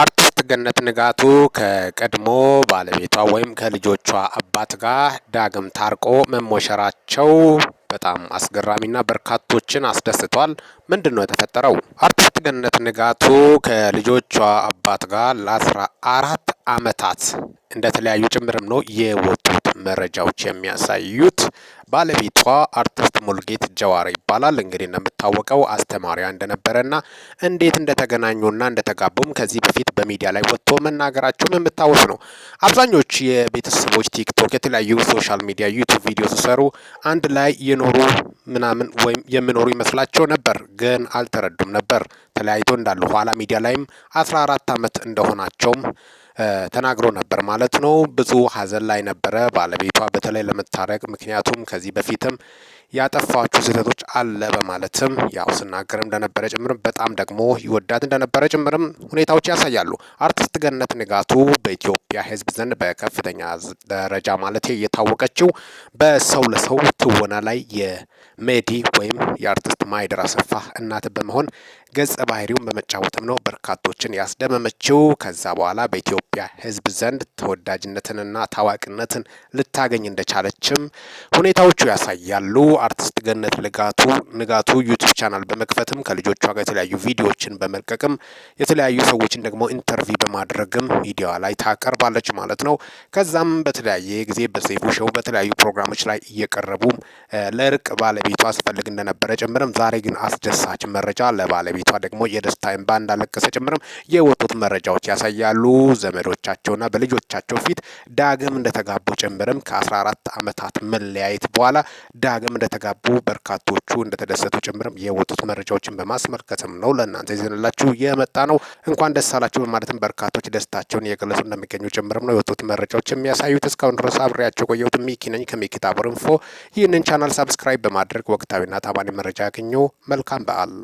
አርቲስት ገነት ንጋቱ ከቀድሞ ባለቤቷ ወይም ከልጆቿ አባት ጋር ዳግም ታርቆ መሞሸራቸው በጣም አስገራሚና በርካቶችን አስደስቷል። ምንድን ነው የተፈጠረው? አርቲስት ገነት ንጋቱ ከልጆቿ አባት ጋር ለአስራ አራት አመታት እንደተለያዩ ጭምርም ነው የወጡት መረጃዎች የሚያሳዩት። ባለቤቷ አርቲስት ሙልጌት ጀዋር ይባላል። እንግዲህ እንደምታወቀው አስተማሪያ እንደነበረና እንዴት እንደተገናኙና እንደተጋቡም ከዚህ በፊት በሚዲያ ላይ ወጥቶ መናገራቸውም የምታወስ ነው። አብዛኞቹ የቤተሰቦች ቲክቶክ፣ የተለያዩ ሶሻል ሚዲያ፣ ዩቱብ ቪዲዮ ሲሰሩ አንድ ላይ የኖሩ ምናምን ወይም የሚኖሩ ይመስላቸው ነበር፣ ግን አልተረዱም ነበር ተለያይቶ እንዳሉ ኋላ ሚዲያ ላይም አስራ አራት ዓመት እንደሆናቸውም ተናግሮ ነበር ማለት ነው። ብዙ ሀዘን ላይ ነበረ ባለቤቷ በተለይ ለመታረቅ ምክንያቱም ከዚህ በፊትም ያጠፋችሁ ስህተቶች አለ በማለትም ያው ስናገር እንደነበረ ጭምርም በጣም ደግሞ ይወዳት እንደነበረ ጭምርም ሁኔታዎች ያሳያሉ። አርቲስት ገነት ንጋቱ በኢትዮጵያ ሕዝብ ዘንድ በከፍተኛ ደረጃ ማለት እየታወቀችው በሰው ለሰው ትወና ላይ የሜዲ ወይም የአርቲስት ማይደር አሰፋ እናት በመሆን ገጸ ባህሪውን በመጫወትም ነው በርካቶችን ያስደመመችው። ከዛ በኋላ በኢትዮጵያ ሕዝብ ዘንድ ተወዳጅነትንና ታዋቂነትን ልታገኝ እንደቻለችም ሁኔታዎቹ ያሳያሉ። አርቲስት ገነት ልጋቱ ንጋቱ ዩቱብ ቻናል በመክፈትም ከልጆቿ ጋር የተለያዩ ቪዲዮዎችን በመልቀቅም የተለያዩ ሰዎችን ደግሞ ኢንተርቪው በማድረግም ሚዲያዋ ላይ ታቀርባለች ማለት ነው። ከዛም በተለያየ ጊዜ በሴፉ ሸው በተለያዩ ፕሮግራሞች ላይ እየቀረቡ ለእርቅ ባለቤቷ አስፈልግ እንደነበረ ጭምርም ዛሬ ግን አስደሳች መረጃ ለባለቤቷ ደግሞ የደስታ እንባ እንዳለቀሰ ጭምርም የወጡት መረጃዎች ያሳያሉ። ዘመዶቻቸውና በልጆቻቸው ፊት ዳግም እንደተጋቡ ጭምርም ከ14 ዓመታት መለያየት በኋላ ዳግም እንደ እንደተጋቡ በርካቶቹ እንደተደሰቱ ጭምርም የወጡት መረጃዎችን በማስመልከትም ነው ለእናንተ ይዘንላችሁ የመጣ ነው። እንኳን ደስ አላችሁ በማለትም በርካቶች ደስታቸውን እየገለጹ እንደሚገኙ ጭምርም ነው የወጡት መረጃዎች የሚያሳዩት። እስካሁን ድረስ አብሬያቸው ቆየሁት። ሚኪ ነኝ ከሚኪ ታቦር ኢንፎ። ይህንን ቻናል ሳብስክራይብ በማድረግ ወቅታዊና ታማኒ መረጃ ያገኙ። መልካም በዓል